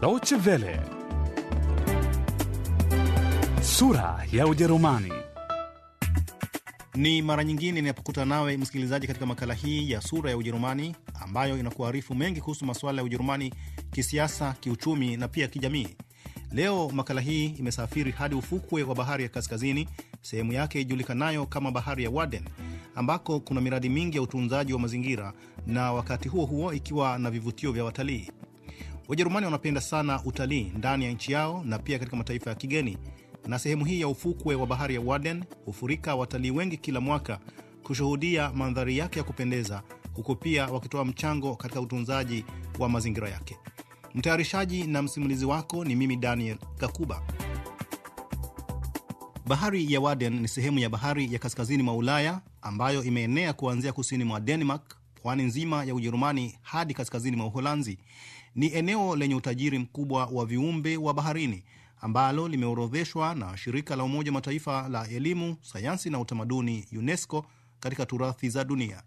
Deutsche Welle, sura ya Ujerumani. Ni mara nyingine ninapokuta nawe msikilizaji, katika makala hii ya sura ya Ujerumani ambayo inakuarifu mengi kuhusu masuala ya Ujerumani kisiasa, kiuchumi na pia kijamii. Leo makala hii imesafiri hadi ufukwe wa bahari ya kaskazini, sehemu yake ijulikanayo kama bahari ya Warden, ambako kuna miradi mingi ya utunzaji wa mazingira na wakati huo huo ikiwa na vivutio vya watalii. Wajerumani wanapenda sana utalii ndani ya nchi yao na pia katika mataifa ya kigeni, na sehemu hii ya ufukwe wa bahari ya Warden hufurika watalii wengi kila mwaka kushuhudia mandhari yake ya kupendeza, huku pia wakitoa mchango katika utunzaji wa mazingira yake. Mtayarishaji na msimulizi wako ni mimi Daniel Kakuba. Bahari ya Warden ni sehemu ya bahari ya kaskazini mwa Ulaya ambayo imeenea kuanzia kusini mwa Denmark, pwani nzima ya Ujerumani hadi kaskazini mwa Uholanzi. Ni eneo lenye utajiri mkubwa wa viumbe wa baharini ambalo limeorodheshwa na shirika la Umoja Mataifa la elimu, sayansi na utamaduni UNESCO katika turathi za dunia.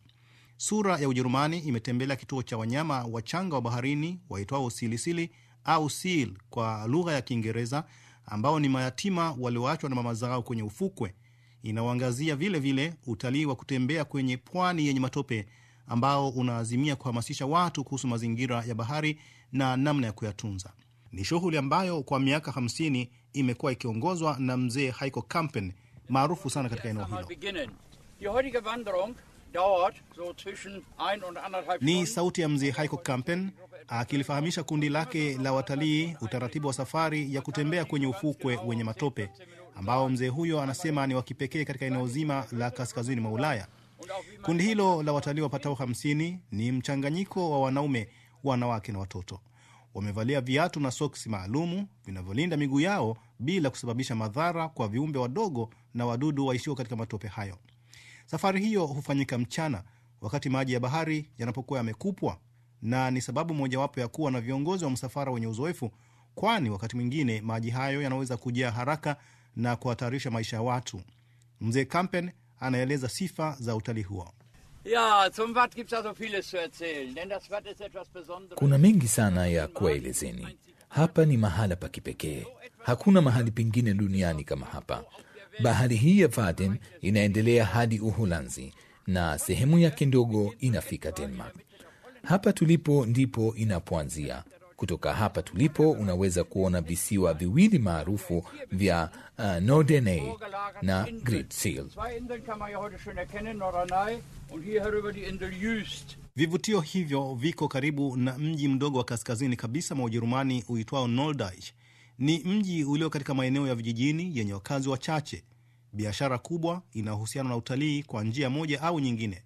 Sura ya Ujerumani imetembelea kituo cha wanyama wachanga wa baharini waitwao silisili au sil kwa lugha ya Kiingereza, ambao ni mayatima walioachwa na mama zao kwenye ufukwe. Inaoangazia vile vile utalii wa kutembea kwenye pwani yenye matope ambao unaazimia kuhamasisha watu kuhusu mazingira ya bahari na namna ya kuyatunza. Ni shughuli ambayo kwa miaka 50 imekuwa ikiongozwa na mzee Heiko Kampen maarufu sana katika eneo hilo. Ni sauti ya mzee Heiko Kampen akilifahamisha kundi lake la watalii utaratibu wa safari ya kutembea kwenye ufukwe wenye matope ambao mzee huyo anasema ni wa kipekee katika eneo zima la kaskazini mwa Ulaya. Kundi hilo la watalii wapatao 50 ni mchanganyiko wa wanaume, wanawake na watoto. Wamevalia viatu na soksi maalumu vinavyolinda miguu yao bila kusababisha madhara kwa viumbe wadogo na wadudu waishio katika matope hayo. Safari hiyo hufanyika mchana wakati maji ya bahari yanapokuwa yamekupwa, na ni sababu mojawapo ya kuwa na viongozi wa msafara wenye uzoefu, kwani wakati mwingine maji hayo yanaweza kujaa haraka na kuhatarisha maisha ya watu. Mzee Kampen anaeleza sifa za utalii huo. Kuna mengi sana ya kuwaelezeni. Hapa ni mahala pa kipekee, hakuna mahali pengine duniani kama hapa. Bahari hii ya Vaden inaendelea hadi Uholanzi na sehemu yake ndogo inafika Denmark. Hapa tulipo ndipo inapoanzia kutoka hapa tulipo, unaweza kuona visiwa viwili maarufu vya uh, Norderney na Great Vivutio hivyo viko karibu na mji mdogo wa kaskazini kabisa mwa Ujerumani uitwao Norddeich. Ni mji ulio katika maeneo ya vijijini yenye wakazi wachache. Biashara kubwa inahusiana na utalii kwa njia moja au nyingine.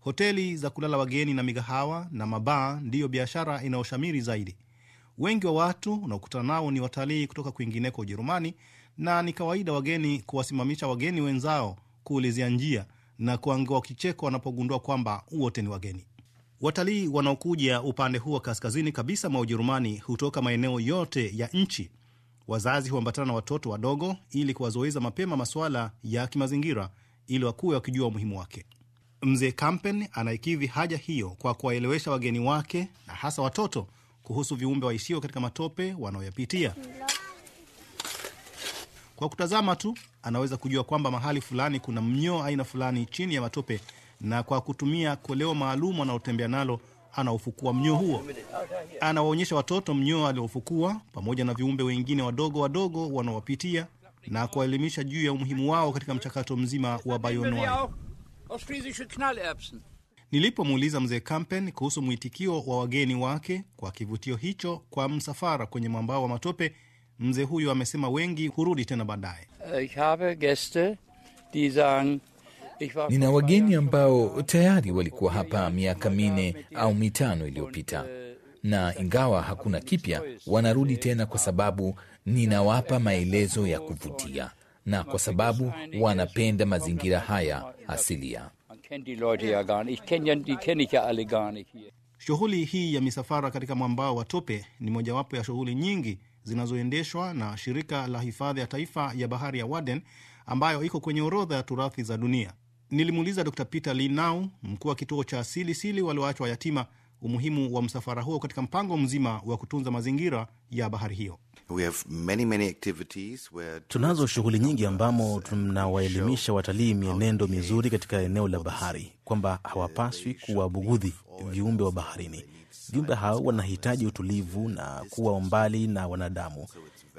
Hoteli za kulala wageni na migahawa na mabaa ndiyo biashara inayoshamiri zaidi. Wengi wa watu unaokutana nao ni watalii kutoka kwingineko Ujerumani, na ni kawaida wageni kuwasimamisha wageni wenzao kuulizia njia na kuangiwa kicheko wanapogundua kwamba wote ni wageni. Watalii wanaokuja upande huu wa kaskazini kabisa mwa Ujerumani hutoka maeneo yote ya nchi. Wazazi huambatana na watoto wadogo ili kuwazoeza mapema masuala ya kimazingira ili wakuwe wakijua umuhimu wake. Mzee Kampen anaikidhi haja hiyo kwa kuwaelewesha wageni wake na hasa watoto kuhusu viumbe waishio katika matope wanaoyapitia. Kwa kutazama tu anaweza kujua kwamba mahali fulani kuna mnyoo aina fulani chini ya matope, na kwa kutumia koleo maalum anaotembea nalo anaofukua mnyoo huo. Anawaonyesha watoto mnyoo aliofukua pamoja na viumbe wengine wadogo wadogo wanaowapitia na kuwaelimisha juu ya umuhimu wao katika mchakato mzima wa bayonoa. Nilipomuuliza mzee Kampen kuhusu mwitikio wa wageni wake kwa kivutio hicho kwa msafara kwenye mwambao wa matope, mzee huyo amesema wengi hurudi tena baadaye. Uh, Nina wageni ambao tayari walikuwa hapa miaka minne au mitano iliyopita, äh, na ingawa hakuna kipya, wanarudi tena kwa sababu ninawapa maelezo ya kuvutia na kwa sababu wanapenda mazingira haya asilia kenne die Leute ja gar nicht. Ich ja, die kenne ich ja alle gar nicht hier. Shughuli hii ya misafara katika mwambao wa tope ni mojawapo ya shughuli nyingi zinazoendeshwa na shirika la hifadhi ya taifa ya bahari ya waden ambayo iko kwenye orodha ya turathi za dunia. Nilimuuliza Dr Peter Linau, mkuu wa kituo cha asili sili walioachwa yatima, umuhimu wa msafara huo katika mpango mzima wa kutunza mazingira ya bahari hiyo. We have many, many activities where... tunazo shughuli nyingi ambamo uh, tunawaelimisha watalii mienendo mizuri katika eneo la bahari, kwamba uh, hawapaswi kuwabugudhi viumbe wa baharini. Viumbe hao wanahitaji utulivu na kuwa mbali na wanadamu.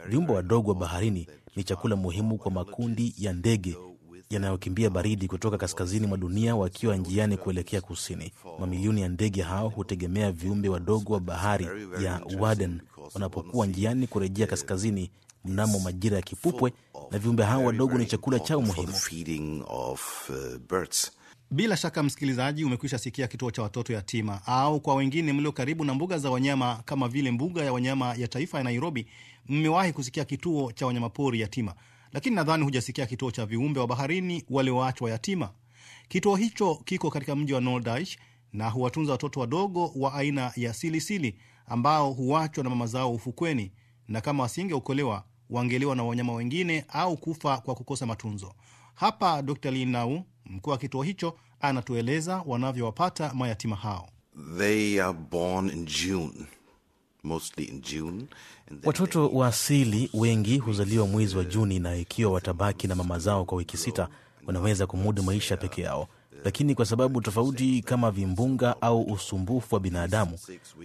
Viumbe wadogo wa baharini ni uh, chakula muhimu kwa makundi ya ndege yanayokimbia baridi kutoka kaskazini mwa dunia wakiwa njiani kuelekea kusini. Mamilioni ya ndege hao hutegemea viumbe wadogo wa bahari ya Waden wanapokuwa njiani kurejea kaskazini mnamo majira ya kipupwe, na viumbe hao wadogo ni chakula chao muhimu. Bila shaka msikilizaji, umekwisha sikia kituo cha watoto yatima, au kwa wengine mlio karibu na mbuga za wanyama kama vile mbuga ya wanyama ya taifa ya Nairobi, mmewahi kusikia kituo cha wanyamapori yatima lakini nadhani hujasikia kituo cha viumbe wa baharini walioachwa yatima. Kituo hicho kiko katika mji wa Nordic na huwatunza watoto wadogo wa aina ya silisili ambao huachwa na mama zao ufukweni, na kama wasingeokolewa wangeliwa na wanyama wengine au kufa kwa kukosa matunzo. Hapa Dr Linau, mkuu wa kituo hicho, anatueleza wanavyowapata mayatima hao. They are born in June. Watoto wa asili wengi huzaliwa mwezi wa Juni, na ikiwa watabaki na mama zao kwa wiki sita, wanaweza kumudu maisha peke yao, lakini kwa sababu tofauti kama vimbunga au usumbufu wa binadamu,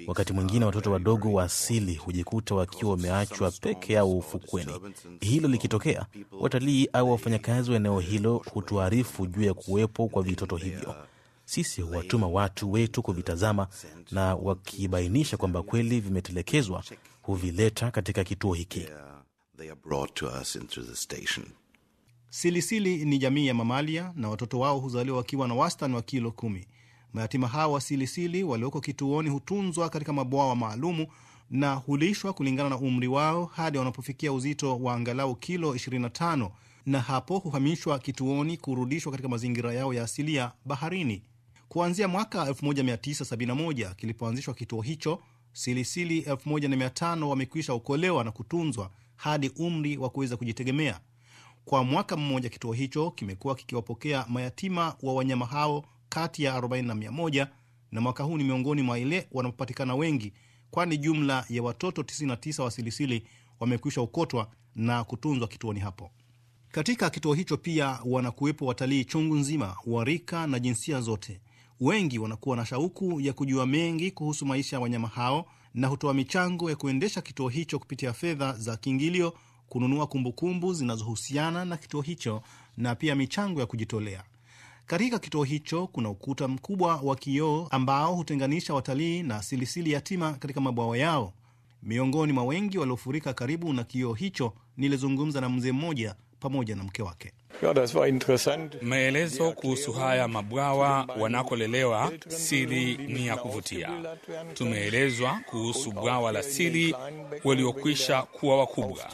wakati mwingine watoto wadogo wa asili hujikuta wakiwa wameachwa peke yao ufukweni. Hilo likitokea, watalii au wafanyakazi wa eneo hilo hutuarifu juu ya kuwepo kwa vitoto hivyo sisi huwatuma watu wetu kuvitazama, na wakibainisha kwamba kweli vimetelekezwa, huvileta katika kituo hiki. Silisili ni jamii ya mamalia na watoto wao huzaliwa wakiwa na wastani wa kilo kumi. Mayatima hawa wa silisili walioko kituoni hutunzwa katika mabwawa maalumu na hulishwa kulingana na umri wao hadi wanapofikia uzito wa angalau kilo 25 na hapo huhamishwa kituoni kurudishwa katika mazingira yao ya asilia baharini. Kuanzia mwaka 1971 kilipoanzishwa kituo hicho, silisili 1500 wamekwisha okolewa na kutunzwa hadi umri wa kuweza kujitegemea. Kwa mwaka mmoja, kituo hicho kimekuwa kikiwapokea mayatima wa wanyama hao kati ya 40 na 100, na mwaka huu ni miongoni mwa ile wanapopatikana wengi, kwani jumla ya watoto 99 wa silisili wamekwisha okotwa na kutunzwa kituoni hapo. Katika kituo hicho pia wanakuwepo watalii chungu nzima wa rika na jinsia zote Wengi wanakuwa na shauku ya kujua mengi kuhusu maisha ya wanyama hao na hutoa michango ya kuendesha kituo hicho kupitia fedha za kiingilio, kununua kumbukumbu zinazohusiana na kituo hicho na pia michango ya kujitolea. Katika kituo hicho kuna ukuta mkubwa wa kioo ambao hutenganisha watalii na silisili yatima katika mabwawa yao. Miongoni mwa wengi waliofurika karibu na kioo hicho, nilizungumza na mzee mmoja pamoja na mke wake. Maelezo kuhusu haya mabwawa wanakolelewa Sili ni ya kuvutia. Tumeelezwa kuhusu bwawa la Sili waliokwisha kuwa wakubwa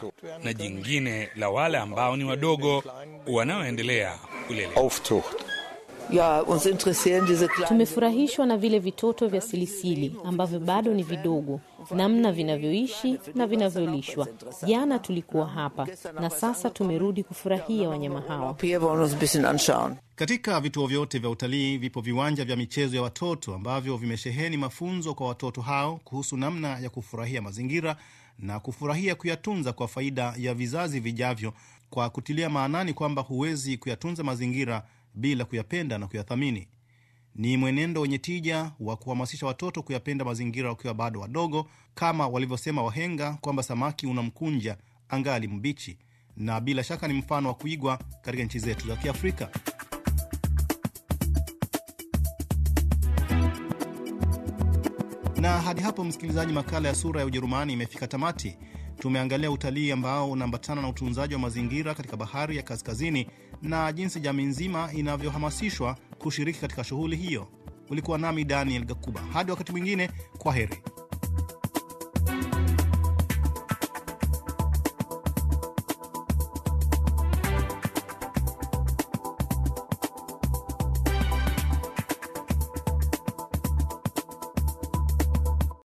na jingine la wale ambao ni wadogo wanaoendelea kulelewa. Tumefurahishwa na vile vitoto vya silisili ambavyo bado ni vidogo, namna vinavyoishi na vinavyolishwa. Jana tulikuwa hapa na sasa tumerudi kufurahia wanyama hawa. Katika vituo vyote vya utalii vipo viwanja vya michezo ya watoto ambavyo vimesheheni mafunzo kwa watoto hao kuhusu namna ya kufurahia mazingira na kufurahia kuyatunza kwa faida ya vizazi vijavyo, kwa kutilia maanani kwamba huwezi kuyatunza mazingira bila kuyapenda na kuyathamini. Ni mwenendo wenye tija wa kuhamasisha watoto kuyapenda mazingira wakiwa bado wadogo, kama walivyosema wahenga kwamba samaki unamkunja angali mbichi, na bila shaka ni mfano wa kuigwa katika nchi zetu za Kiafrika. Na hadi hapo, msikilizaji, makala ya Sura ya Ujerumani imefika tamati. Tumeangalia utalii ambao unaambatana na utunzaji wa mazingira katika bahari ya kaskazini na jinsi jamii nzima inavyohamasishwa kushiriki katika shughuli hiyo. Ulikuwa nami Daniel Gakuba. Hadi wakati mwingine, kwa heri.